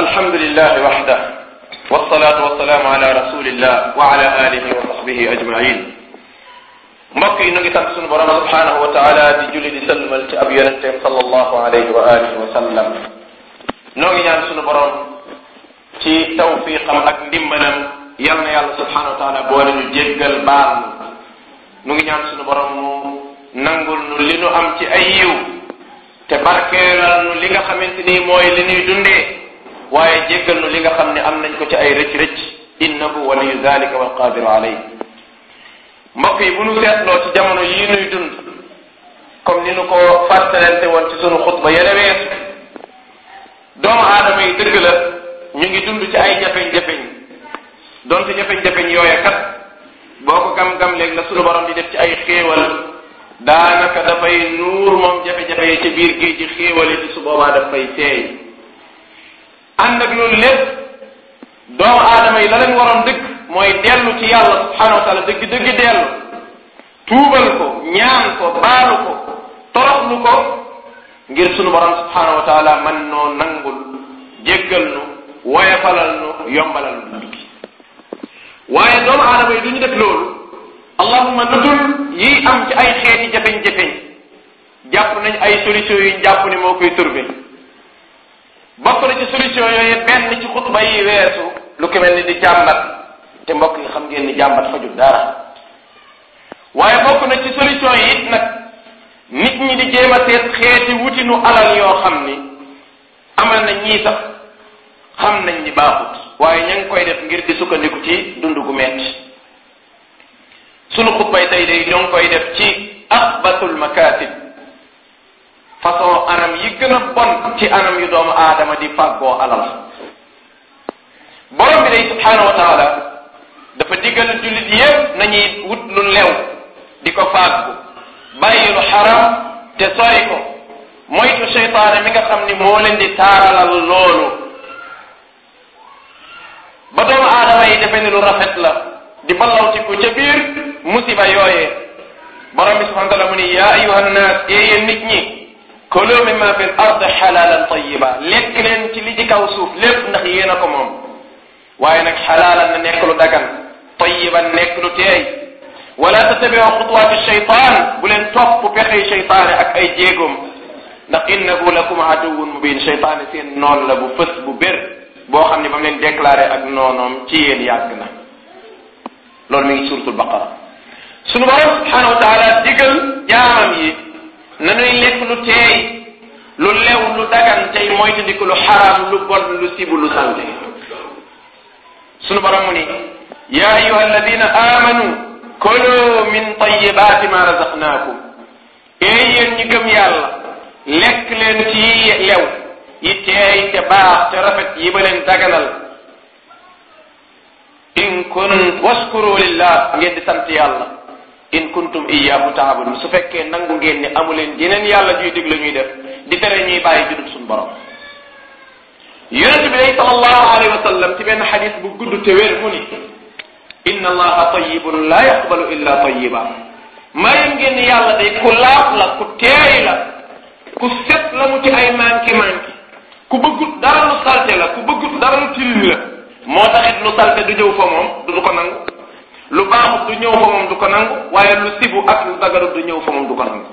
alhamdulilah waxda wasalaatu wasalaamu ala rasulillah wa ala alihi wa sahbihi ajmain mbokk yi nu ngi tax sunu borom subhanahu wa taala di julli di sëlmal ci ab yonenteem sallallahu alayhi wa alihi wa sallam noo ngi ñaan sunu borom ci tawfiqam ak ndimbalam yal na yàlla subhanahu wa taala boole ñu jéggal baal nu ngi ñaan sunu borom mu nangul nu li nu am ci ay yiw te barkeelal nu li nga xamante ni mooy li ñuy dundee waaye jéggal nu li nga xam ne am nañ ko ci ay recc rëcc innahu waliyu zalika walqadiru alayh mbokk jamono yii comme ni nu ko fàttalante woon ci sunu xutba yële yi dëgg la ñu ngi dund ci ay jafeñ-jafeñ donte jafeñ-jafeñ yooya kat boo ko gam-gam léegi la sunu borom di def ci ay xéewalam daanaka dafay nuur moom jafe-jafe yi ci biir géej gi xéewale di su boobaa daf fay ànd ak lool lépp doomu aadama yi la leen waroon dëkk mooy dellu ci yàlla subhanahu wa taala dëgg dellu tuubal ko ñaan ko baalu ko toroxlu ko ngir sunu borom subhanahu wa taala mën noo nangul jéggal nu woyefalal nu yombalal nu dund doomu aadama du ñu def lool allahuma nutul yi am ci ay xeeti jafeñ-jafeñ jàpp nañ ay solution yu ñu jàpp ne moo koy turbe bokk na ci solution yooyu benn ci xutba yi weesu lu ko mel ni di jàmbat te mbokk yi xam ngeen ni jàmbat fajul dara waaye bokk na ci solution yi it nag nit ñi di jéem a seet xeeti wutinu alal yoo xam ni amal na ñii sax xam nañ ni baaxut waaye ña ngi koy def ngir di sukkandiku ci dund gu metti sunu xutbay tey day ñoo koy def ci axbatul makatib façon anam yi gën a bon ci anam yu doom aadama di fàggoo alal borom bi day subhaanahu wa taala dafa diggal jullit yépp nañuy wut lu lew di ko fàggu bàyyi lu te sori moytu seytaane mi nga xam ni moo leen di taaralal loolu ba doomu aadama yi defe ni lu rafet la di ballawtiku ca biir musiba yooyee borom bi subhaanahu wa mu ni yaa ayuha nnaas yéen nit ñi kulu mimma fil ard xalaalan tayiba lekk leen ci li ci kaw suuf lépp ndax yéen a ko moom waaye nag xalaalan na nekk lu dagan tayiban nekk lu teey wala tattabiu xutuwaati shaytaan bu leen topp pexey shaytaane ak ay jéegoom ndax innahu lakum aduwun mubin shaytaane seen noon la bu fës bu bér boo xam ni ba mu leen déclaré ak noonoom ci yéen yàgg na loolu mi ngi suratul baqara sunu borom subhanahu wa taala digal yi nanuy lekk lu teey lu lew lu dagan tey moytandiku lu xaraam lu bon lu sibu lu sànge sunu borom mu ni ya ayuha alladina amanu kulu min tayibaati ma razaqnaakum ee yéen ñi gëm yàlla lekk leen ci lew yi teey te baax te rafet yi ba leen daganal in kun waskuru lillah ngeen di sant in kuntum iyyahu taabudun su fekkee nangu ngeen ni leen yeneen yàlla juy dig la ñuy def di tere ñuy bàyyi judub suñu borom yonent bi day sallallahu ci benn xadis bu gudd te wér mu ni inna allaha tayyibun la yaqbalu illa tayyiba mayam ngeen ni yàlla day ku laab la ku teey la ku set la mu ci ay manki manki ku bëggut dara lu salte la ku bëggut dara lu tilli la moo du jëw fa moom du ko nangu lu baaxut du ñëw fa moom du ko nangu waaye lu sibu ak lu dagarut du ñëw fa moom du ko nangu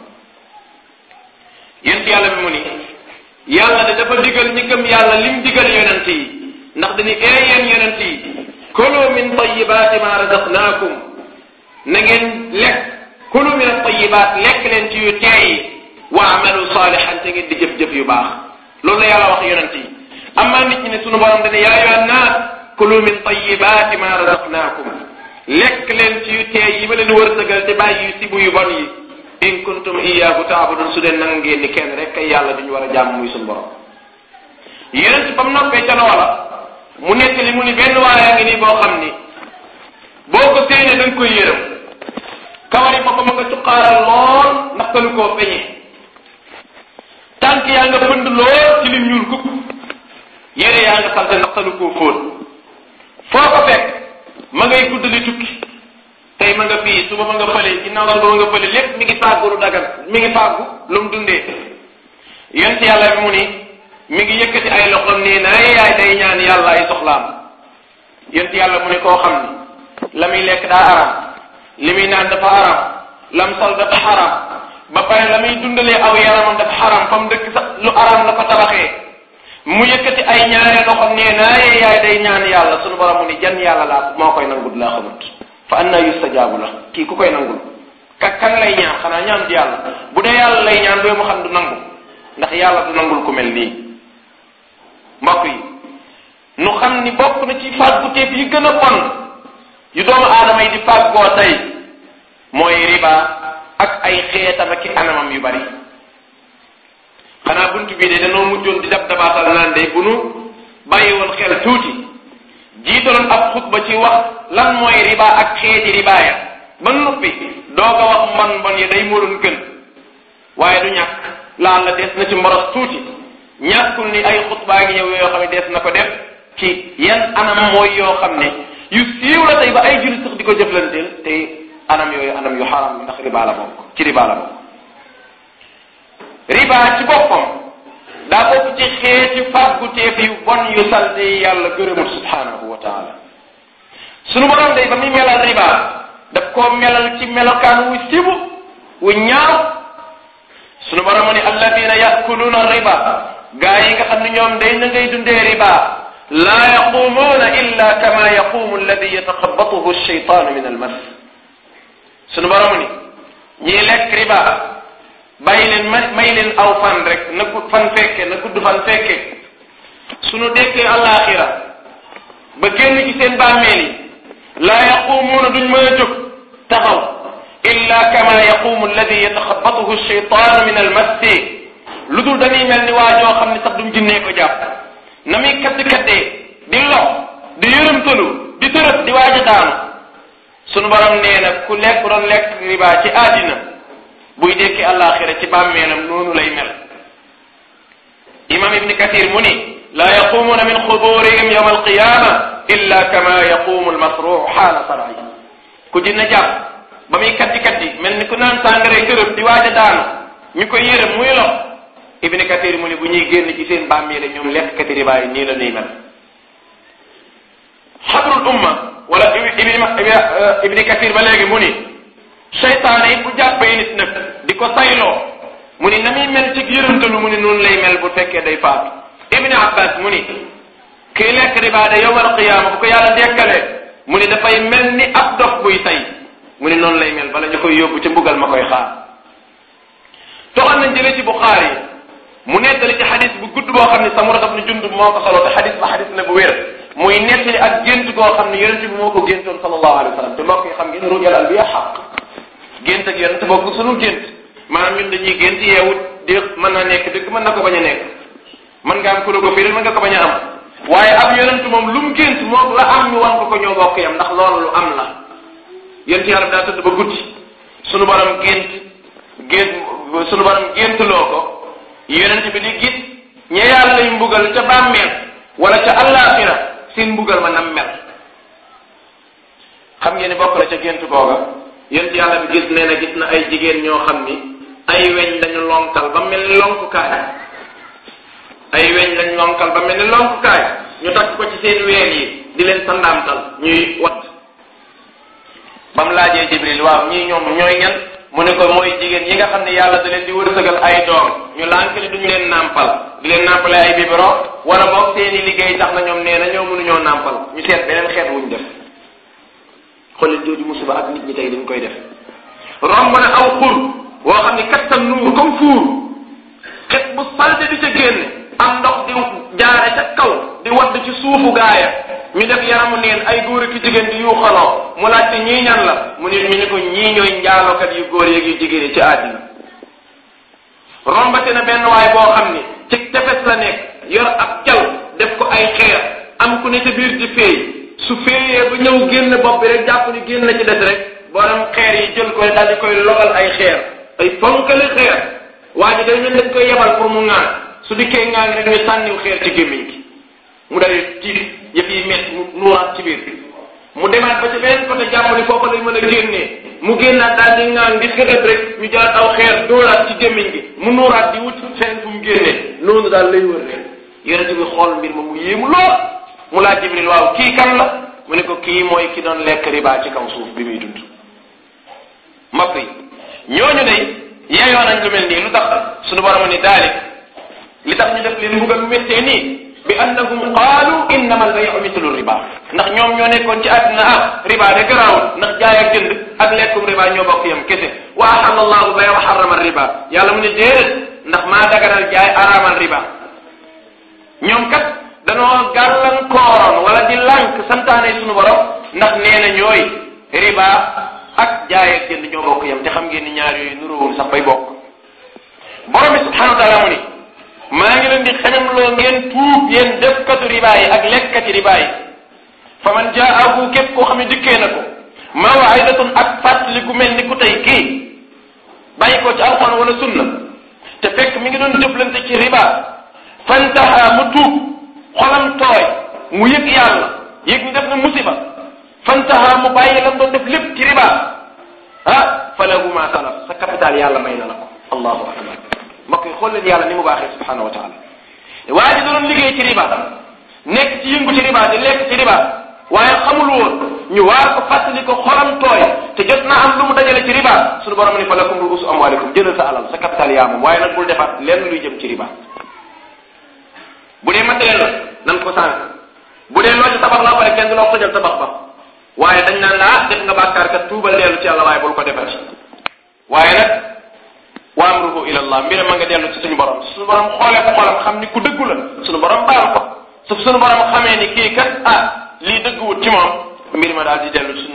yent yàlla bi mu ni yàlla de dafa digal ñi gëm yàlla lim digal yonent yi ndax dañu ee yéen yonent yi kulu min tayibaati ma razaqnaakum na ngeen lekk kulu min atayibaat lekk leen ci yu teey wa amalu saalihan te ngeen di jëf-jëf yu baax loolu la yàlla wax yonent yi amaa nit ñi ne sunu borom dane yaa ayyuhan naas kulu min tayibaati ma razaqnaakum lekk leen ci yu teey yi ma leen wërsëgal te bàyyi yu sibu yu bon yi in kuntum iyaahu taabudun su dee nang ngeen ni kenn rek kay yàlla duñu war a jàmm muy suñu borom yonent ba mu noppee ca loola mu nekk li mu ni benn waayaa ngi nii boo xam ni boo ko séenee da nga koy yërëm kawar yi boppam nga cuqaaral lool ndax koo feñee tànk yaa nga pënd lool ci lim ñuul yére yaa nga salte ndax koo fóot foo ko fekk ma ngay guddali tukki tey ma nga fii suba ma nga fële ginnaaw suba ma nga fële lépp mi ngi fàggu lu dagan mi ngi fàggu lu mu dundee yonent yàlla bi mu ni mi ngi yëkkati ay loxoom nii na yaay day ñaan yàlla ay soxlaam yonent yàlla mu ne koo xam ni la muy lekk daa araam li muy naan dafa araam lam sol dafa xaraam ba pare la muy dundalee aw yaramam dafa xaraam fa mu dëkk sax lu araam la tabaxee mu yëkkati ay ñaari loxo nee naaye yaay day ñaan yàlla sunu borom mu ni jan yàlla laa moo koy nangul laa xamut fa an naa yustajaabu la kii ku koy nangul ka kan lay ñaan xanaa ñaan du yàlla bu dee yàlla lay ñaan doo mu xam du nangu ndax yàlla du nangul ku yi nu xam ni bokk na ci fàggu téef yi gën a bon yu doomu aadama yi di fàggoo tey mooy riba ak ay xeetam ak anamam yu bari xanaa bunt bii de danoo mujjoon di dab dabaatal naan day bu nu bàyyi xel tuuti jiitaloon ab xutba ci wax lan mooy riba ak xeeti ribaaya ba noppi doo ko wax man bon yi day moroon gën waaye du ñàkk laal la des na ci mboros tuuti ñàkkul ni ay xutbaa ngi ñëw yoo xam ne des na ko def ci yan anam mooy yoo xam ne yu siiw la tey ba ay jullit sax di ko jëflanteel te anam yooyu anam yu xaram ndax riba la bokk ci riba la bokk riba ci boppam daa bokk ci xeeti fàgguteef yu bon yu salte yàlla gërëmul subhaanahu wa taala sunu borom day ba muy melal riba daf koo melal ci melokaan wu sibu wu ñaaw sunu borom mu ne alladina yakuluuna riba gaa yi nga xam ne ñoom day na ngay dundee riba laa yaqumuuna illa kama yaqumu alladi yataxabatuhu alcheytaanu min almas ni ñii riba bàyyi leen may may leen aw fan rek na gudd fan fekke na gudd fan fekke sunu dekkee àllaaxira ba génn ci seen bàmmeel yi laa yaqumuuna duñ mën a jóg taxaw illa kama yaqumu alladi yataxabatuhu alcheytaanu min almasti lu dul dañuy mel ni waa joo xam ne sax duñ jinnee ko jàpp na muy kadd-kaddee di lox di yërëmtalu di tërëf di waaj a daanu sunu borom nee ku lekk doon lekk riba ci àddina buy dekki àllaaxira ci bàmmeelam noonu lay mel imam ibni kathir mu ni laa yaqumuuna min xuburihim yawma alqiyama illa kama yaqumu almasruu xaala sarai ku dina jàpp ba muy katti katti mel ni ku naan sàngare kërëb di waaj a daanu ñu koy yërëm muy lox ibni kathir mu ni bu ñuy génn ci seen bàmmeele ñoom lekk kati ribaay nii la nuy mel xabrul umma wala ibni ibni kathir ba léegi mu ni seytaane yi bu jàppee nit nag di ko sayloo mu ni na muy mel ci yërëmtalu mu ni noonu lay mel bu fekkee day faatu ibni abbas mu ni kii lekk riba de bu ko yàlla dekkalee mu ni da dafay mel ni ab dof buy tay mu ni noonu lay mel bala ñu koy yóbbu ci mbugal ma koy xaar toxal nañ jëlee ci buxaari mu nettali ci xadis bu gudd boo xam ne samura daf ni jundub moo ko solo te xadis bu wér muy nettali ak gént goo xam ne yonent bi moo ko géntoon sallallahu alayhi yi xam ngeen ru'yal anbiya xaq gént ak yonent bokk sunu gént maanaam ñun dañuy gént yeewu di mën naa nekk dëgg mën na ko bañ a nekk mën nga am ku la ko firil mën nga ko bañ a am waaye ab yonent moom lu mu gént moom la am ñu wan ko ko ñoo bokk yam ndax loolu lu am la yonent yàlla daa tëdd ba guddi sunu borom gént gént sunu borom géntloo ko yonent bi di gis ña yàlla lay mbugal ca bàmmeel wala ca àllaaxira seen mbugal ma nam mel xam ngeen ni bokk la ca gént googa yéen ci yàlla bi gis nee na gis na ay jigéen ñoo xam ni ay weñ lañu lonkal ba mel ni lonkukaay ay weñ lañu lonkal ba mel ni lonkukaay ñu takk ko ci seen ween yi di leen sandaamtal ñuy wat ba mu laajee jibril waaw ñii ñoom ñooy ñan mu ne ko mooy jigéen yi nga xam ne yàlla da leen di wërsëgal ay doom ñu lànkali duñu leen nàmpal di leen nàmpale ay biberon wala boog seen i liggéey tax na ñoom nee na ñoo mënuñoo nàmpal ñu seet beneen xeet wuñ def xoolal jooju musiba ak nit ñi tey dañ koy def romb na aw xur woo xam ne kattan nuur comme fuur xet bu salte di ca génn am ndox di jaare ca kaw di wadd ci suufu gaaya ñu def yaramu neen ay góor ak jigéen di yuuxaloo mu laajte ñii ñan la mu ne ñu ne ko ñii ñooy njaalokat yu góor yeeg yu jigéen ci àddina rombate na benn waay boo xam ni ci tefes la nekk yor ab cal def ko ay xeer am ku ne ca biir di feey su féeyee ba ñëw génn bopp bi rek jàpp ni génn na ci des rek borom xeer yi jël ko daal koy logal ay xeer ay fonkali xeer waa ji day mel dañ koy yebal pour mu ŋaan su dikkee ŋaan rek ñu sànniw xeer ci mu day tiit yëf yi met ci biir mu demaat ba ci beneen côté jàpp ni foofu lañ mën a génnee mu génnaat daal di ŋaan di xëxët rek ñu jëlaat aw xeer dóoraat ci gémmiñ gi mu nuuraat di wut seen fu mu génnee noonu daal lay wër rek yonente bi xool mbir ma mu yéemu lool mu laaj Jibril waaw kii kan la mu ne ko kii mooy ki doon lekk riba ci kaw suuf bi muy dund mbokk yi ñooñu day yeeyoo nañ lu nii lu tax suñu borom ni daalik li tax ñu def li mbugal mu méttee nii bi annahum qaalu innama albayu mitlu riba ndax ñoom ñoo ci àddina ah riba de garaawul ndax jaay ak jënd ak lekkum riba ñoo bokk yam kese wa axalla allahu bay wa xarama riba yàlla mu ne déedéet ndax maa daganal jaay araamal riba ñoom kat danoo gàllankooroon wala di lànk santaane suñu borom ndax nee ñooy riba ak jaay ak jënd bokk yam te xam ngeen ni ñaar yooyu nuróowul sax bay bokk borom bi subhanahu wa taala mu ni maa ngi leen di xeñam loo ngeen tuub yéen defkatu riba yi ak lekkati riba yi fa man jaahu képp koo xam ne dikkee na ko mawaidatun ak fàttali ku mel ni ku tey kii bàyyi ko ci alxuraan wala sunna te fekk mi ngi doon jëflante ci riba fantaha mu tuub xolam tooy mu yëg yàlla yëg ni def na musiba fantaha mu bàyyi lam doon def lépp ci riba ah fa lahu ma salaf sa capital yàlla may na la ko allahu akbar ma koy xool leen yàlla ni mu baaxee subhanahu wa taala waa ji doon liggéey ci riba nekk ci yëngu ci riba di lekk ci riba waaye xamul woon ñu waar ko fàttali ko xolam tooy te jot naa lu mu dajale ci riba suñu borom ni fa lakum ruusu amwaalikum jëlal sa alal sa capital yaa moom nag bul defaat lenn luy jëm ci riba bu dee matériel la nan ko sànq bu dee loo ci la pare kenn du la tojal tabax ba waaye dañ naan laa ah, def nga bàkkaar kat tuubal dellu ci yàlla waaye bul ko defal waaye nag wa amruhu ila allah ma nga dellu ci suñu borom suñu borom xoolee ko xoolam xam ni ku dëggu la suñu borom baal ko su suñu borom xamee ni kii kat ah, ma daal di dellu ci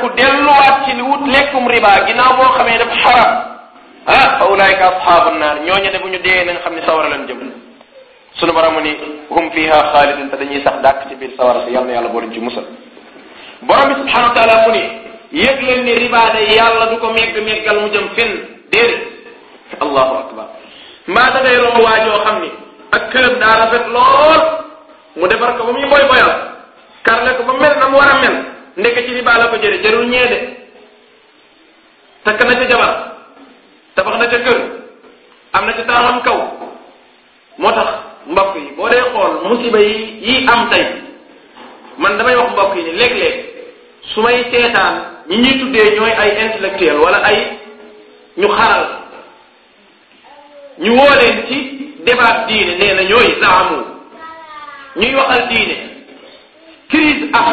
ku ci li wut lekkum riba ginnaaw boo xamee def xaram ah fa ulaayika asxaabu naar ñooñu de bu ñu dee nañ xam ne a lan jëm sunu borom mu ni hum fiha xaalidin te dañuy sax dàkk ci biir sawara si yàlla na yàlla booluñ ci musal borom bi wa taala mu ni yëg leen ni ribaade yàlla du ko megg meggal mu jëm fenn déedéet allahu akbar mbaa da ngay romb waajoo xam ni ak këram daa rafet mu defar ko ba muy boy boyal karle ba mel na mu war a ñeede takk na ca jabar tabax na ca kër am na ca taaxam kaw moo tax mbokk yi boo dee xool musiba yi yi am tey man damay wax mbokk yi ni léeg su may seetaan ñi ñuy tuddee ñooy ay intellectuel wala ay ñu xaral ñu woo leen ci débat diine nee ñooy zaamu ñuy waxal diine crise am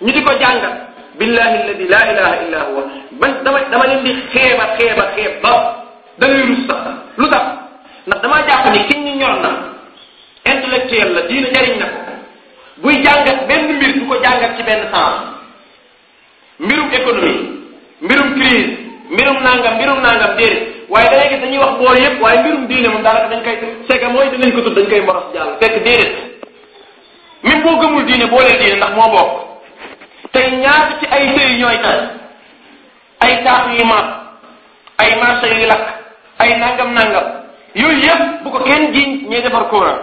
ñu di ko jàngat billahi alladi la ilaha illa huwa bañ dama dama leen di xeeba xeeba xeeb ba sax lu tax ndax damaa jàpp ni kiñ ñu ñor na intellectuel la diina jariñ na ko buy jàngat benn mbir du ko jàngat ci benn sens mbirum économie mbirum crise mbirum nangam mbirum nangam déedéet waaye da ngay gis wax boor yëpp waaye mbirum diine moom daanaka dañ koy sega mooy dinañ ko tudd dañ koy moros jàll fekk déedéet même boo gëmul diine boo leen ndax moo bokk tey ñaar ci ay sëy ñooy tas ay taax yu maat ay marché yu lakk ay nangam nangam yooyu yëpp bu ko kenn jiiñ ñuy defar courant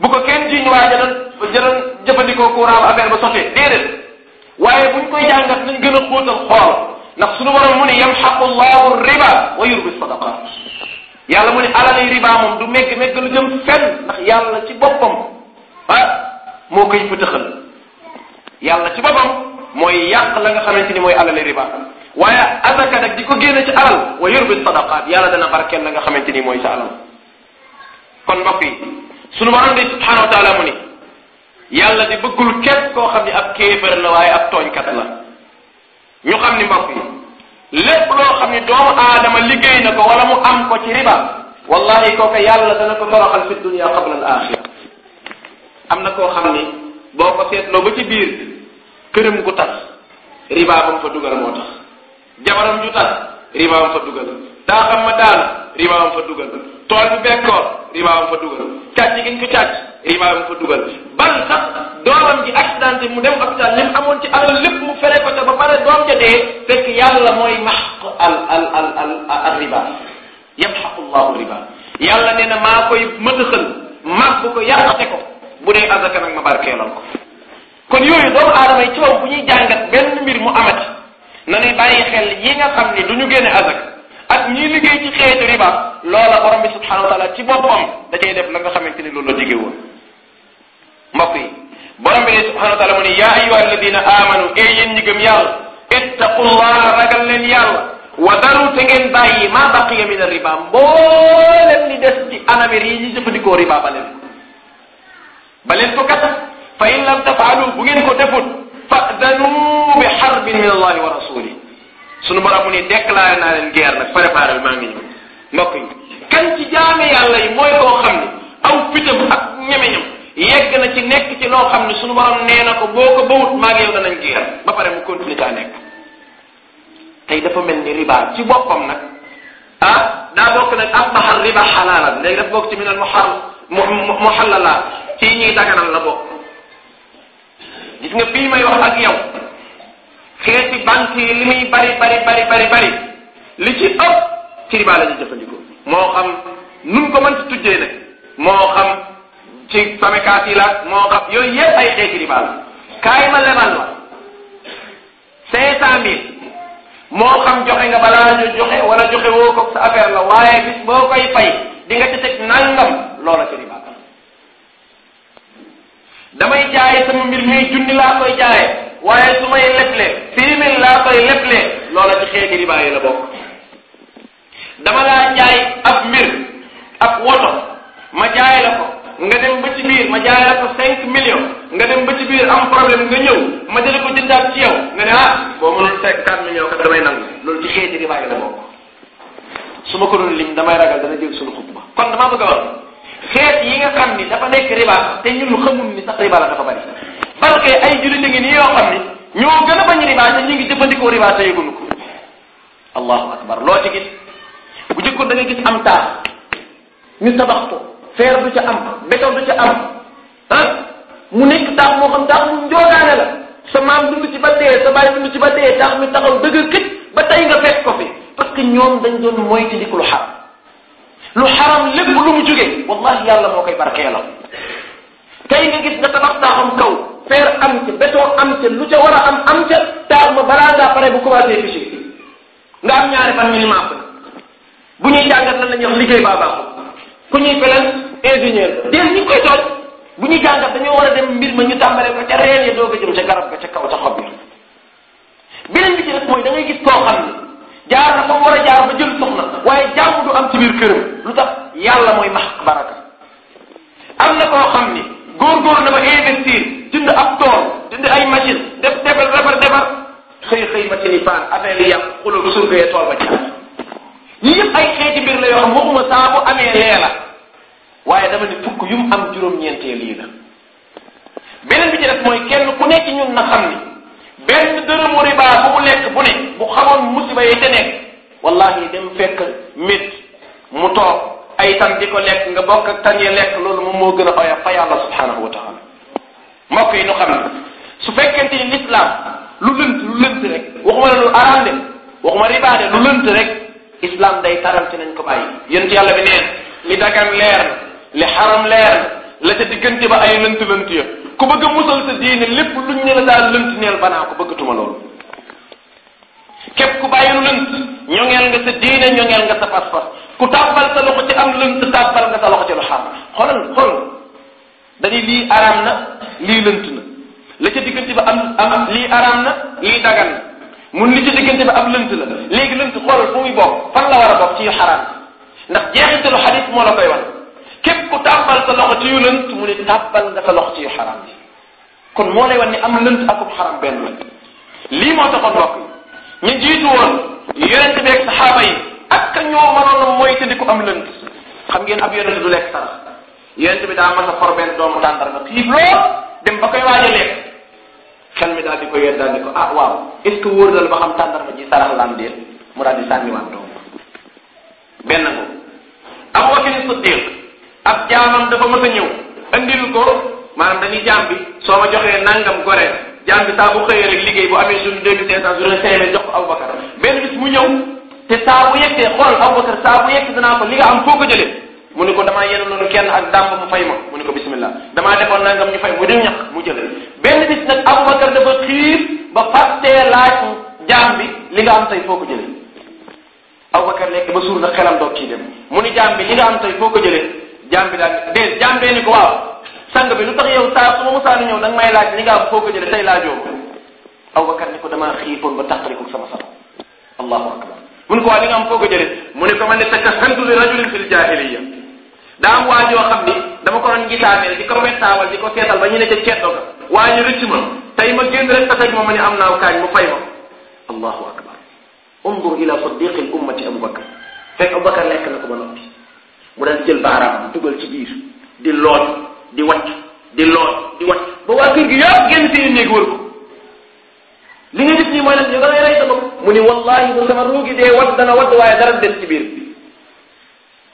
bu ko kenn jiiñ waaye da doon da doon jëfandikoo courant ba ba sotee déedéet waaye buñ koy jàngat nañ gën a xóotal xool ndax suñu borom mu ne yamxaqu llahu riba wa yurbi sadaqaat yàlla mu ne alal yi riba moom du megg megg lu jëm fenn ndax yàlla ci boppam ah moo koy fëtëxal yàlla ci boppam mooy yàq la nga xamante ni mooy alali riba waaye azaka nag di ko génne ci alal wa yurbi sadaqaat yàlla dana barkeel la nga xamante ni mooy sa alal kon mbokk yi sunu borom bi subhanahu wa taala mu ni yàlla di bëggul képp ko xam ni ab kéefër na waaye ab tooñkat la ñu xam ni mbokk yi lépp loo xam ni doomu aadama liggéey na ko wala mu am ko ci riba wallahi kooka yàlla dana ko toroxal fi dunia qabla al axira am na koo xam ni boo ko seetloo ba këram ku tas ribaa ba mu fa dugal moo tax jabaram ju fa dugal daa ma daal ribaa fa dugal tool bi bekkoor ribaa fa dugal càcc giñ ko càcc ribaa ba mu fa dugal bal sax ji mu dem hôpital lim amoon ci alal lépp mu fere ko te ba pare doom ja dee fekk yàlla mooy maxq al al al al al riba yamxaqu llahu riba yàlla nee na maa bu dee azaka nag ma barkeelal ko kon yooyu doomu aadama ci moom bu ñuy jàngat benn mbir mu amati na ñuy bàyyi xel yi nga xam ni du ñu génne azak ak ñiy liggéey ci xeetu riba loola borom bi subhanahu wa ci boppam da cay def la nga xamante ni loolu la digee woon mbokk yi borom bi subhanahu wa taala mu ne yaa ayuha alladina amanu e yéen ñi gëm yàlla ittaqullaha ragal leen yàlla wa daru te ngeen bàyyi maa baqiya min riba mbooleen li des ci anamir yi ñu jëfandikoo riba ba leen ba leen ko kata fa in lam tafaalu bu ngeen ko defut fadanu bi xarbin min allahi wa rasuli sunu borom mu ni déclaré naa leen guerre nag préparé maa ngi ñëw mbokk yi kan ci jaame yàlla yi mooy koo xam ne aw fitam ak ñemeñam yegg na ci nekk ci loo xam ne sunu borom nee na ko boo ko bawut maa ngi yow danañ guerre ba pare mu continuer caa nekk tey dafa mel ni riba ci boppam nag ah daa bokk nag ab baxar riba xalaalan léegi dafa bokk ci minal muxar muxallala ci ñuy daganal la bokk gis nga bii may wax ak yow xeeti banque yi li muy bari bari bari bari li ci ëpp kiriba la jëfandikoo moo xam nu ko mën ci tuddee nag moo xam ci famekaat yi la moo xam yooyu yëpp ay xeeti riba la kaay ma lebal la cinq cent moo xam joxe nga balaa ñu joxe wala joxe woo ko sa affaire la waaye bis boo koy fay di nga ci teg nangam loola ci riba damay jaay sama mbir mi junni laa koy jaayee waaye su may leble six mille laa koy leble loola ci xeeti riba yi la bokk dama laa jaay ab mbir ab woto ma jaay la ko nga dem ba ci biir ma jaay la ko cinq millions nga dem ba ci biir am problème nga ñëw ma jële ko jëndaat ci yow nga ne ah boo mënul cinq quatre millions kat damay nangu loolu ci xeeti riba la bokk su ma ko lim damay ragal dana jël sunu xutba kon damaa bëgg wax xeet yi nga xam ni dafa nekk riba te ñun xamul ni sax riba la dafa bari parce que ay jullit ngi nii yoo xam ni ñoo gën a bañ riba te ñu ngi jëfandikoo riba te loo ci gis bu da nga gis am taal ñu tabax ko fer du ca am béton du ca am ah mu nekk taal moo xam taal mu njoogaane la sa maam dund ci ba dee ci ba dee taal mi tax dëgg këj ba tey nga fekk ko fi parce que ñoom dañ doon moytu dik lu xaram lu xaram lépp lu mu jógee wallahi yàlla moo koy barkeelal tey nga gis nga tabax taaxam kaw fer am ca béton am ca lu ca war a am am ca taal ma balaa ngaa pare bu commencé fiché nga am ñaari fan ñu ni bu ñuy jàngat lan la ñuy wax liggéey baa baaxul ku ñuy felen ingénieur deel ñu ngi koy bu ñuy jàngat dañoo war a dem ma ñu tàmbalee ko ca reen ya doo ko jëm ca garab ga ca kaw ca xob bi beneen da ngay gis koo xam ne jaar na fa mu war a jaar ba jël soxna waaye jàmm am ci biir këram lu tax yàlla mooy max baraka am na koo xam ni góorgóorlu na ba investir jënd ab tool jënd ay machine def defal defar defar xëy xëy ma seen i faan affaire yi yàqu xuloo lu surgee tool ba jaar yii ay xeeti mbir la yoo xam waxuma saa amee lee waaye dama ni fukk yu am juróom-ñeentee lii la beneen bi ci mooy kenn ku nekk ñun na xam ni musiba yi te nekk wallahi dem fekk mit mu toog ay tan di ko lekk nga bokk ak tan yi lekk loolu moom moo gën a oyof fa yàlla subhanahu wa taala mbokk yi nu xam ne su fekkente ni l'islam lu lënt lu lënt rek waxuma la lu araam de waxuma ribaade lu lënt rek islam day taral ci nañ ko bàyyi yéen ci yàlla bi neen li dagan leer li xaram leer la ca diggante ba ay lënt lënt ya ku bëgg a musal sa diine lépp luñ ne la daal lënt neel banaa ko bëggatuma loolu képp ku bàyyi lu lënt ñoŋeel nga sa diine ñoŋeel nga sa pas ku tàbbal sa loxo ci am lënt tàbbal nga sa loxo ci lu xaram na lii lënt la ca diggante ba am am lii araam na lii li ca diggante ba am lënt léegi lënt xoolal fu muy a bokk ci yu xaraam ndax jeexitalu xadis moo la koy wan képp ku tàbbal sa loxo ci yu lënt mu ne tàbbal nga sa loxo ci yu xaraam kon moo lay wan ne am lënt akub xaram benn la lii moo taxoon mbokk ñu jiitu woon yonent bi ak saxaaba yi ak ñoo mënoon a moytu di ko am lënd xam ngeen ab yonent lu lekk sax yonent bi daa mën a benn doomu tàndarma xiif lool dem ba koy waaj a lekk xel mi daal di ko yor daal di ko ah waaw est ce que wóor na ji sarax la am déet mu daal di sànniwaat doom benn ko Abu Bakr Siddiq ab jaamam dafa mës a ñëw andil ko maanaam dañuy jaam bi soo ma joxee nangam goreel jàng saa bu xëyee liggéey boo amee suñu deux mille cinq cent journée xëyee rek jox ko Aboubacar benn bis mu ñëw te saa bu yegsee xool Aboubacar saa bu yegsee danaa ko li am foo ko jëlee mu ne ko damaa yenu noonu kenn ak dàmb mu fay ma mu ne ko bismillah damaa defoon nangam ñu fay mu di ñax mu jëlee benn bis nag Aboubacar dafa xiir ba fàttee laaj jaam bi li nga am tey foo ko jëlee Aboubacar lekk ba suur na xelam doog ciy dem mu ni jaam bi li nga am tey foo ko jëlee jaam bi daal déet jaam ko waaw sang bi lu tax yow saa su ma musaani ñëw danga may laaj li nga am foo ko jëlee tey laajoo ko Abubakar ni ko damaa xiifoon ba tàqalikul sama sama allahu akbar mun ko waa li nga am foo ko jëlee mu ne ko man ne takasantu li rajulin fil jahiliya daa am waa joo xam ni dama ko doon gitaaneel di ko wettaawal di ko seetal ba ñu ne ca ceddo ga waa ñu rëcc ma tey ma génn rek taseeg moom ma ne am naaw kaañ mu fay ma allahu akbar undur ila sadiqi l ummati Abubakar fekk Abubakar lekk na ko ba noppi mu daan jël baaraam dugal ci biir di lool di wacc di lool di wacc ba waa kër gi yëpp génn seen néeg wër li nga gis nii mooy lan yow da ngay rey sa bopp mu ni wallahi bu sama ruugi dana wadd waaye dara des ci biir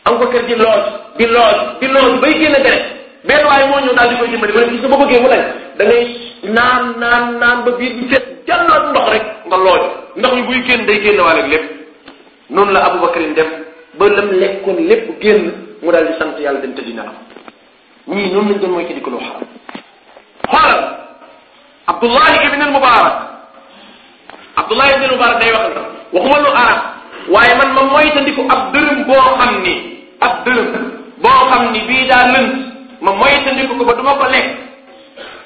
am ko kër di lool di lool di lool bay génn deret benn waaye moo ñëw daal di koy dimbali ma ne gis nga ba bëggee mu dañ da naan naan naan ba biir bi set jàllat ndox rek nga lool ndox mi buy génn day génn waale lépp noonu la Aboubacar def ba lam lekkoon lépp génn mu daal di sant yàlla dem tëddi am ñii noonu lañ doon ko lu xaram xoolal Abdullahi ibn al Mubarak Abdullahi waaye man ma moytandiku ab dërëm bii daa lënt ma moytandiku ko ba du ma ko lekk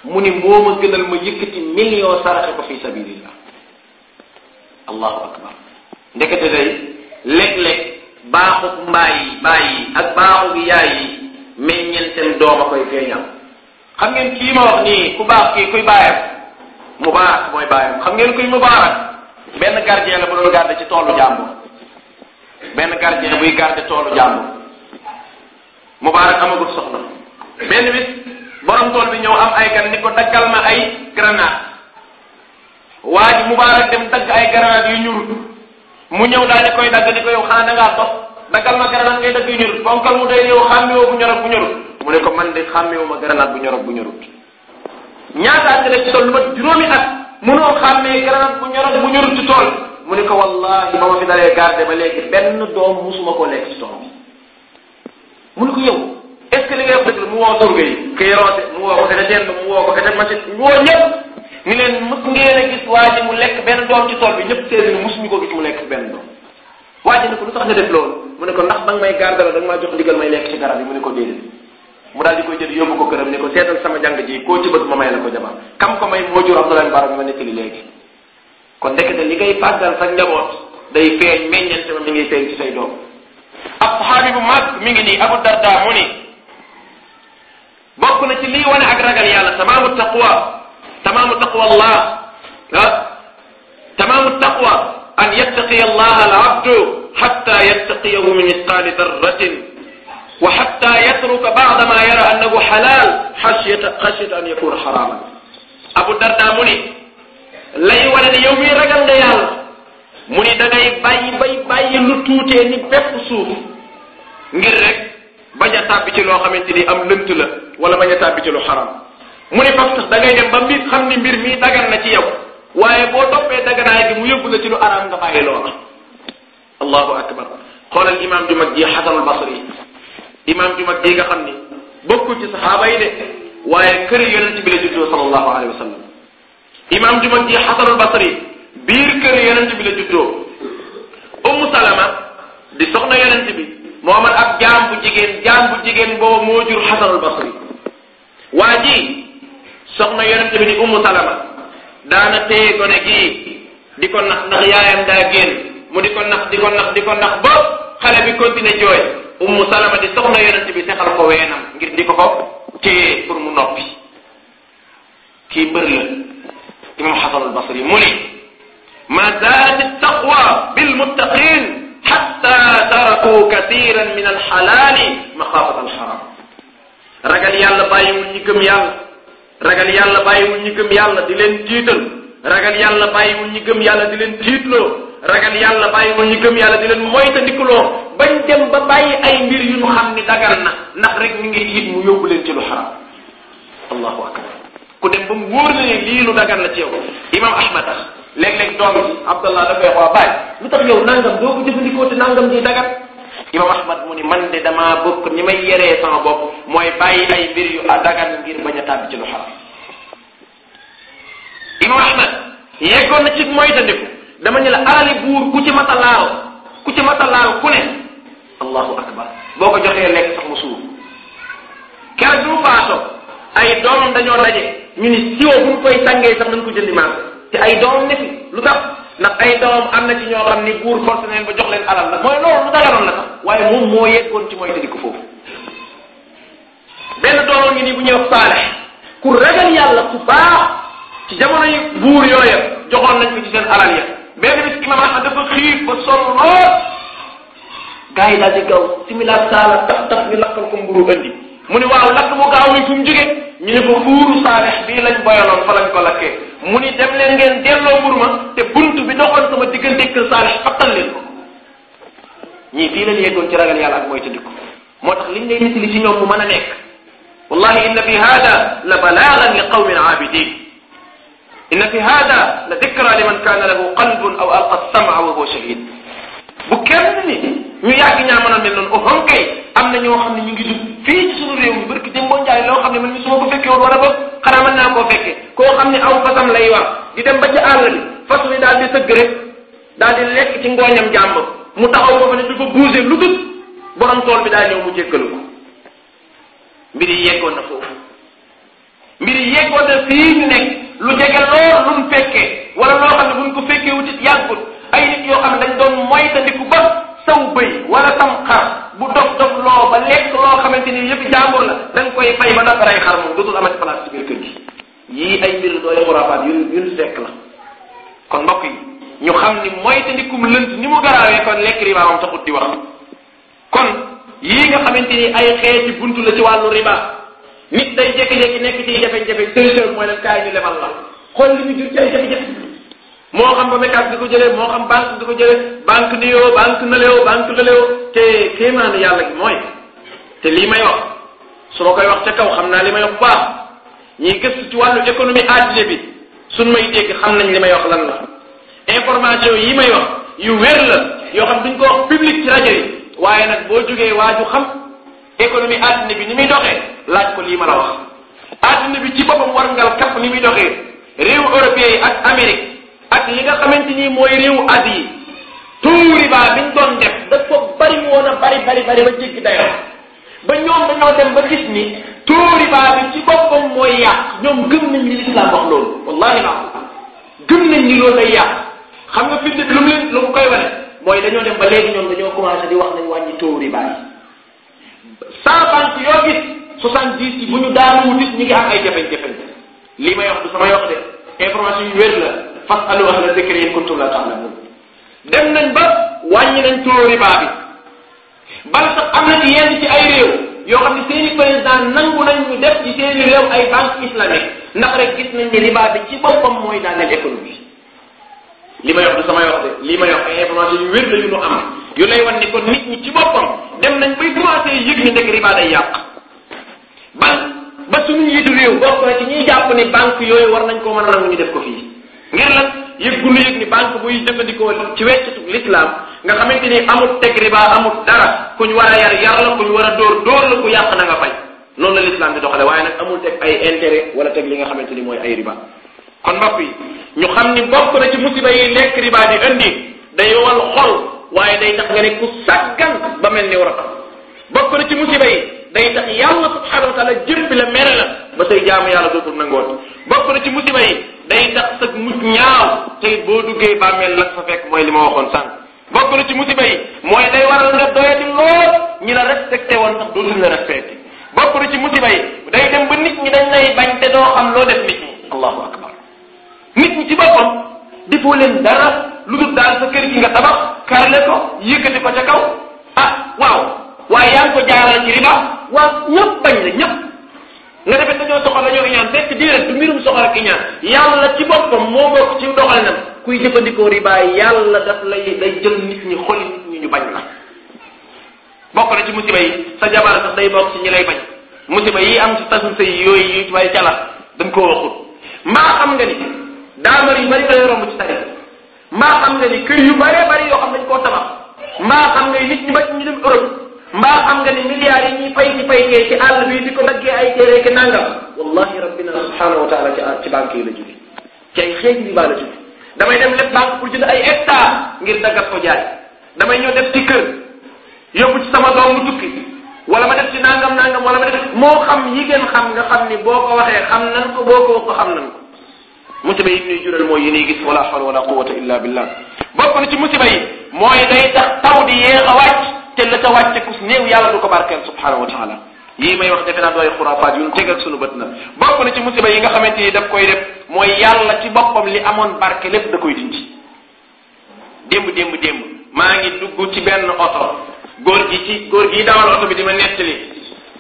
mu ni moo ma gënal ma yëkkati million saraxe ko fi sabilillah allahu akbar ndekete day lekk-lekk baaxu mbaay yi mbaay yi ak meññeenteem doom a koy feeñal xam ngeen kii ma wax nii ku baax kii kuy baayam mubaarak mooy baayam xam ngeen kuy mubaarak benn gardien la bu doon garde ci toolu jàmbur benn gardien buy garde toolu jàmbur mubaarak amagul soxna benn bis borom tool bi ñëw am ay gan ni ko daggal ma ay grenade waa ji mubaarak dem dagg ay grenade yu ñurut mu ñëw daal di koy dagg ni ko yow xanaa da ngaa daggal ma grenade ngay dagg yu ñorut ponkal mu day ñëw xàmmeewoo bu ñor ak bu mu ne ko man de xàmmeewu ma grenade bu ñor ak bu ñorut ñaata at la ci bu ñor ak bu mu ne ko wallahi ba ma fi dalee garder ba léegi benn doom musuma ko lekk mu leen mës ngeen a gis waa mu lekk benn doom ci tool bi ñëpp seetlu ni musuñu ko gis mu lekk benn doom waaji ne ko lu tax nga def loolu mu ne ko nax danga may gardala da nga maa jox ndigal may lekk ci garab yi mu ne ko déedéet mu daal di koy jël yóbbu ko këram ne ko seetal sama jàng ji koo ci bëgg ma may la ko jabar kam ko may moo jur Abdoulaye Mbara bi ma nettali léegi kon ndekete li ngay fàggal sa njaboot day feeñ meññante ma mi ngi say doom ab saxaabi bu mag mi ngi mu ni bokk na ci lii wane ak ragal yàlla tamaamu taqwa tamaamu taqwa allah ah, tamaamu taqwa an yattaqiya allaha al abdu hatta yattaqiyahu min misqaali darratin wa hatta yatruka ba'da ma yara annahu halal xasiyata xasiyata an yakuna xaraaman abu darda mu ni lay wane ne yow mii ragal nga yàlla mu ni da ngay bàyyi bay bàyyi lu tuutee ni bépp suuf ngir rek bañ a tàbbi ci loo xamante ni am lënt la wala bañ a tàbbi ci lu xaram mu ni faf tax da ngay dem ba mbir xam ni mbir mii dagan na ci yow waaye boo toppee daganaay gi mu yóbbu la ci lu araam nga bàyyi loola allahu akbar xoolal imam ju mag ji xasanul basri imam ju ji nga xam ni bokkul ci saxaaba waaye kër yonent la juddoo sallallahu alayhi wa sallam imam ju mag ji xasanul basri biir kër yonent bi la juddoo ummu salama di soxna yonent bi moo amal ab bu jigéen jaam bu jigéen boobu basri waa ji soxna yonent bi di salama daana téye gone gii di ko nax yaayam daa mu di ko nax di ko nax di ko nax ba jooy ummu salama di soxna yonent bi sexal ko weenam ngir di ko ko téye mu noppi kii mbër la imam xasan al basri mu ni ma zaadi taqwa bil muttaqin xatta taraku kasiran min alxalaali maxaafata alxaram ragal yàlla bàyyiwul ñi gëm yàlla ragal yàlla bàyyiwul ñi gëm yàlla di leen tiital ragal yàlla bàyyiwul ñi gëm yàlla di leen tiitloo ragal yàlla bàyyiwul ñi gëm yàlla di leen moytandikuloo bañ dem ba bàyyi ay mbir yu ñu xam ni dagar na ndax rek ñu ngi tiit mu yóbbu leen ci lu xaram allahu akbar ku dem ba mu wóor la ne lii lu dagar la ci yow imam ahmad ah léeg-léeg doom bi abdallah dafay xoo lu tax yow nangam doo ko jëfandikoo te nangam di dagar imam ahmad mu ni man de damaa bokk ni may yeree sama bopp mooy bàyyi ay mbir a dagan ngir bañ a tàbbi ci lu xaram imam ahmad yeggoon na ci mooy tandiku dama ñu la alali buur ku ci mata laal ku ci mata laal ku ne allahu akbar boo ko joxee lekk sax mu suuf keroog bi mu faatoo ay doomam dañoo daje ñu ni siwo bu ñu koy sàngee sax nañ ko jëndi maam te ay doomam ne fi lu tax ndax ay am na ci ñoo xam ni buur force neen ba jox alal la mooy loolu lu daganoon la sax waaye moom moo yeggoon ci mooy tëddiku foofu benn doomam ngi nii bu ñuy wax ku ragal yàlla ku ci jamono yi buur yooya joxoon nañ ko ci seen alal ya benn bis imam Ahmad dafa xiif ba sonn lool gars gaw similaat saala tax tax ñu lakkal ko mburu andi mu ne waaw gaaw mi fu mu jógee ñu ne ko fuuru bii lañ boyaloon fa lañ ko lakkee mu ni dem leen ngeen delloo mbur ma te buntu bi doxoon sama diggante kër Saalix xattal leen ko ñii fii lañ yeggoon ci ragal yàlla ak mooy tëddiku moo tax liñ lay nettali ci ñoom mu mën a nekk wallahi inna fi hada la balaagan li qawmin aabidin inna fi hada la dikra liman kaana lahu qalbun aw alqa samaa wa huwa shahid bu kenn nit ñu yàgg ñaa mën a mel noonu au hankay am na ñoo xam ne ñu ngi dugg fii ci suñu réew mi barki démboo njaay loo xam ne man mi su ma ko fekkee woon wala boog xanaa xam ne di dem ba ci àll bi fas wi daal di di lekk ci mu taxaw ba fa ne du ko bougé lu dul borom tool bi daa ñëw mu jéggalu ko mbir na foofu mbir yi yeggoon na fii ñu nekk lu jege lool lu mu fekkee wala loo xam ne buñ ko fekkee wutit yàggut ay nit yoo xam ne dañ doon moytandiku ba saw bëy wala sam xar bu dof dof loo ba lekk loo xamante ni yëpp jaambur la da koy fay ba noppi rey xar moom dootul amati place ci biir kër gi yii ay mbir dooy xuraafaat yu yu sekk la kon mbokk yi ñu xam ni mooy te ndikum lënt ni mu garaawee kon lekk riba moom taxut di wax kon yii nga xamante ni ay xeeti buntu la ci wàllu riba nit day jékki-jékki nekk ci jafe-jafe solution mooy leen kaay ñu lebal la xool li ñu jur ci ay jafe moo xam ba mécas nga ko jëlee moo xam banque nga ko jëlee banque niyoo banque nalewo banque lalewo te kéemaanu yàlla gi mooy te lii may wax su ma koy wax ca kaw xam naa li may wax bu baax ñiy gëstu ci wàllu économie addina bi suñ may dégg xam nañ li may wax lan la information yi may wax yu wér la yoo xam duñ ko wax public ci rajo yi waaye nag boo jógee waaju xam économie addina bi ni muy doxee laaj ko lii ma la wax addina bi ci boppam war ngal kapp ni muy doxee réew européen yi ak Amérique ak li nga xamante ni mooy réewu at yi turu riba biñ doon def dafa bari woon a bari bari bari ba jéggi dayoo ba ñoom dañoo dem ba gis ni turu riba bi ci boppam mooy yàq ñoom gëm nañ ni lislaam wax loolu wallahi la gëm nañ ni loolu day yàq xam nga fi lu mu leen lu mu koy wane mooy dañoo dem ba léegi ñoom dañoo commencé di wax nañ wàññi turu riba yi cent banque yoo gis yi bu ñu daanu wutit ñi ngi am ay jafe-jafe li ma wax du sama yox de information la fasalu ahla zikri in kuntum la ta'lamun dem nañ ba wàññi nañ taux riba bi bal am na ci yenn ci ay réew yoo xam ne seen i président nangu nañ ñu def ci seen réew ay banque islamique ndax rek gis nañ ne riba bi ci boppam mooy daaneel économie li may wax du sama wax de li may wax ay information yu wér la yu ñu am lay wan ni kon nit ñi ci boppam dem nañ bay commencé yëg ni ndek riba day yàq bal ba suñu njiitu réew bokk na ci ñuy jàpp ni banque war nañ ko mën a nangu ñu def ko fii ngir lan yëg gu nu yëg ni banque buy jëfandikoo ci weccatu l'islam nga xamante ni amul teg riba amul dara ku ñu war a yar yar la ku war a dóor dóor la ku yàq na nga fay noonu la l'islam di doxale waaye nag amul teg ay intérêt wala teg li nga xamante ni mooy ay riba kon mbokk yi ñu xam ni bokk na ci musiba yi lekk riba di indi day wal xol waaye day tax nga ne ku sàggan ba mel ni war a tax bokk na ci musiba yi day tax say jaamu yàlla dootul nangooti bokk ci musiba yi day tax sa mujj boo duggee bàmmeel la fa fekk mooy li ma waxoon sànq bokk na ci musiba yi mooy day waral nga doyati lool ñi la respecté woon sax dootul la bokk na ci musiba yi day dem ba nit ñi dañ lay bañ te doo xam loo def nit ñi allahu akbar nit ñi ci boppam defoo leen dara lu dul daal sa kër gi nga tabax karle ko yëkkati ko ca kaw ah waaw waaye yaa ngi ko jaaral ci riba waaw ñëpp bañ la ñëpp nga defee dañoo soxal dañoo iñaan fekk déedéet du mbirum soxal ak iñaan yàlla ci boppam moo bokk ci doxalinam kuy jëfandikoo riba yàlla daf lay day jël nit ñi xoli nit ñi ñu bañ la bokk na ci musiba yi sa jabar sax day bokk ci ñi lay bañ musiba yi am ci tasum sëy yooyu yu may cala dañ koo waxut maa xam nga ni daamar yu bari day romb ci tari maa xam nga ni kër yu bëree bëri yoo xam dañ koo tabax maa xam nga nit ñi ba ñu dem Europe mbaa xam nga ni milliards yi ñuy fay di ci àll bi di ko daggee ay téere ki nangam wallahi rabbina subhanahu wa ci ci banque la jóge ci ay xeeji riba la jóge damay dem lépp banque pour jënd ay hectare ngir daggat ko jaay damay ñëw def ci kër yóbbu ci sama doom mu tukki wala ma def ci nangam nangam wala ma def moo xam yi ngeen xam nga xam ni boo ko waxee xam nan ko boo ko wax ko xam nan ko musiba yi ñuy jural mooy yi ñuy gis wala hawla wala quwwata illa billah na ci musiba yi mooy day tax taw di yéex a te la ca wàcce ku néew yàlla du ko barkeel subhanahu wa taala yii may wax defe naa dooy xuraafaat yu ñu teg ak sunu bët na bokk na ci musiba yi nga xamante ni daf koy def mooy yàlla ci boppam li amoon barke lépp da koy dindi démb démb démb maa ngi dugg ci benn oto góor gi ci góor gi dawal oto bi di ma nettali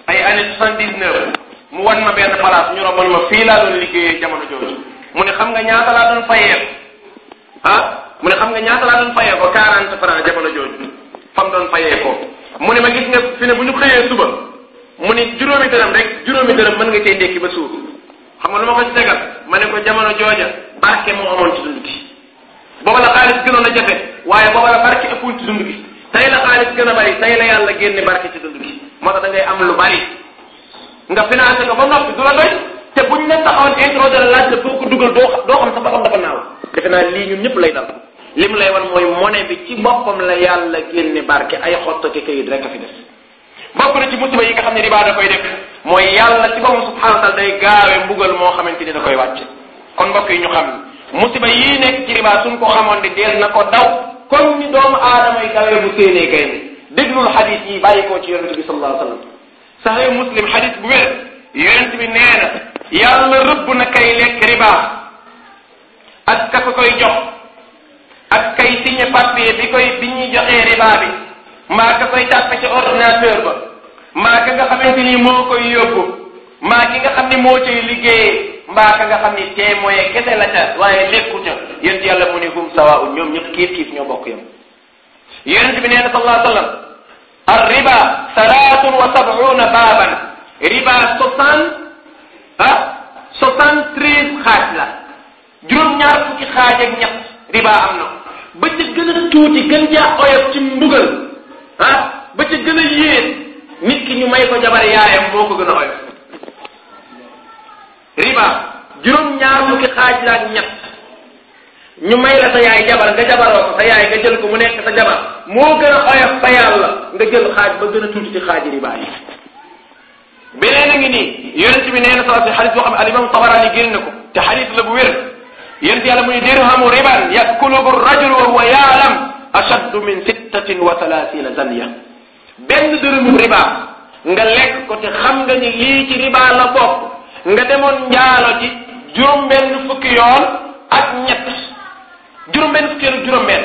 ay année soixante-dix-neuf mu wan ma benn place ñu rombal ma fii laa doon liggéeyee jamono jooju mu ne xam nga ñaata laa doon fayee ah? mu ne xam nga ñaata laa ko quarante fam doon fayee ko mu ne ma gis nga fi ne bu ñu xëyee suba mu ne juróomi dërëm rek juróomi dërëm mën nga cee ndékki ba suur xam nga lu ma ko ci tegal ma ne ko jamono jooja barke moo amoon ci dund gi booba la xaalis gënoon a jafe waaye booba la barke ëppul ci dund gi tey la xaalis gën a bari tey la yàlla génne barke ci dund gi moo tax da am lu bari nga financé ko ba noppi du la doy te buñ ne taxawoon introsé la laaj la foo ko dugal doo doo xam sax ba lii ñun ñëpp lay dal lim lay wan mooy monnaie bi ci boppam la yàlla génne barke ay xotto ki kayit rek fi des bokk na ci musiba yi nga xam ne riba da koy def mooy yàlla ci boppam subhanahu wa taala day gaawe mbugal moo xamante ni da koy wàcce kon mbokk yi ñu xam musiba yii nekk ci riba suñ ko xamoon di deel na ko daw comme ni doomu aadama yi dawee bu séenee kay déglul xadis yi bàyyi koo ci yonente bi sallallahu alayhi wa sallam sahih muslim xadis bu wér yonente bi nee na yàlla rëbb na kay ak kay signé papier bi koy bi ñuy joxee riba bi maa ka koy tàppe ci ordinateur ba maa ka nga xamante ni moo koy yóbbu maa ki nga xam ni moo cay liggéeyee mbaa ka nga xam ni témoin kese la ca waaye lekku ca yéen yàlla mu ne hum sawa un ñoom ñëpp kiif kiif ñoo bokk yam yonent bi nee na sallallahu alayhi wa sallam ar riba salaatun wa sab'una baaban riba soixante ah soixante treize xaaj la juróom-ñaar fukki xaaj ak ñett riba am na ba ca gën a tuuti gën jaa oyof ci mbugal ah ba gën a yéen nit ki ñu may ko jabar yaayam moo ko gën a oyof riba juróom-ñaar fukki xaaj la ak ñett ñu may la sa yaay jabar nga jabaroo ko sa yaay nga jël ko mu nekk sa jabar moo gën a oyof fa yàlla nga jël xaaj ba gën a tuuti ci xaaji riba yi beneen a ngi nii yonent bi nee na sa si xadis boo xam ne alimam tabarani génn na ko te xadis la bu wér yonent yàlla muy dirhamu riban yakuluhu rajulu wa huwa yaalam ashaddu min sittatin wa talaasina zaniya benn dërëmu riba nga lekk ko te xam nga ni lii ci riba la bokk nga demoon njaalo ci juróom benn fukki yoon ak ñett juróom benn fukki yoon juróom benn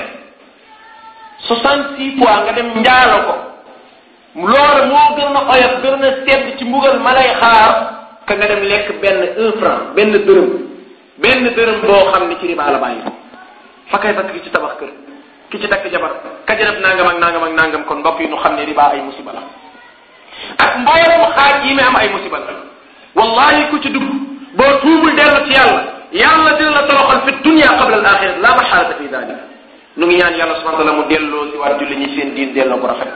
soixante six fois nga dem njaalo ko loolu moo gën a oyof gën a sedd ci mbugal ma xaar ka nga dem lekk benn un benn dërëm benn dërëm boo xam ne ci riba la bàyyi ko fa kay fekk ki ci tabax kër ki ci takk jabar kajarab nangam ak nangam ak nangam kon mbokk yi ñu xam ne riba ay musiba la ak mbooleem xaaj yi am ay musiba la wallahi ku ci dugg boo tuubul dellu ci yàlla yàlla dina la toroxal fi dunia qabla al axira la maxaalata fi dalika nu ngi ñaan yàlla mu delloo si waat julli ñi seen diin delloo bu rafet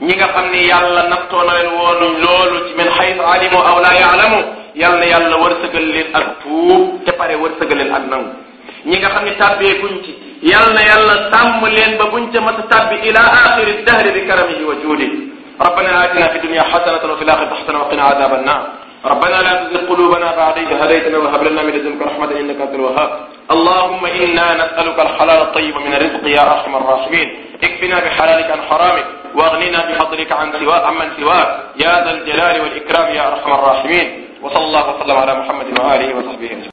ñi nga xam ne yàlla naftoo na loolu min xaytu alimu aw la yaalamu yal na yàlla wërsëgal leen ak tuub te pare wërsëgal leen ak nangu ñi nga xam ne tàbbee guñ ci yal na yàlla sàmm leen ba buñ ca mas a tàbbi ila axiri dahri bi karamihi wa juudi rabbana atina fi dunya xasanatan wa fi laxirati xasanatan wa qina adaba annar rabbana la tuzig qulubana baada id hadaytana wa hab lana min ladunka rahmatan innaka anta alwahhab allahumma inna nasaluka alxalaala altayiba min arrizqi ya arhama arrahimin ikfina bixalalika an xaramik واغننا بفضلك عن سوا عمن سواك يا ذا الجلال والإكرام يا أرحم الراحمين wa sallallahu wa sallam ala muhammadin wa alihi wa sahbihi